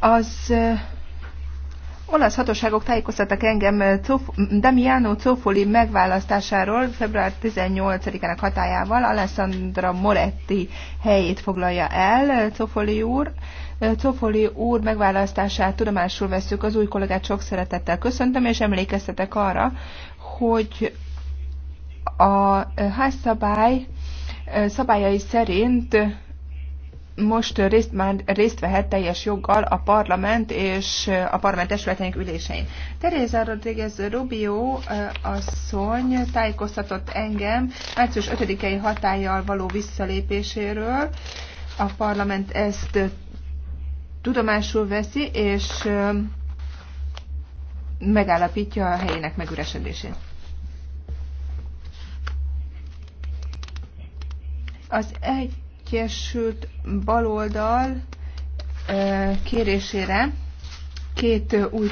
Az olasz hatóságok tájékoztattak engem Damiano Cofoli megválasztásáról február 18-ának hatájával. Alessandra Moretti helyét foglalja el Cofoli úr. Cofoli úr megválasztását tudomásul veszük, az új kollégát sok szeretettel köszöntöm, és emlékeztetek arra, hogy a házszabály szabályai szerint most részt, már részt vehet teljes joggal a parlament és a parlament testületének ülésein. Teresa Rodriguez Rubio asszony tájékoztatott engem március 5-i hatállyal való visszalépéséről. A parlament ezt tudomásul veszi, és megállapítja a helyének megüresedését. Az egy Egyesült Baloldal eh, kérésére két eh, új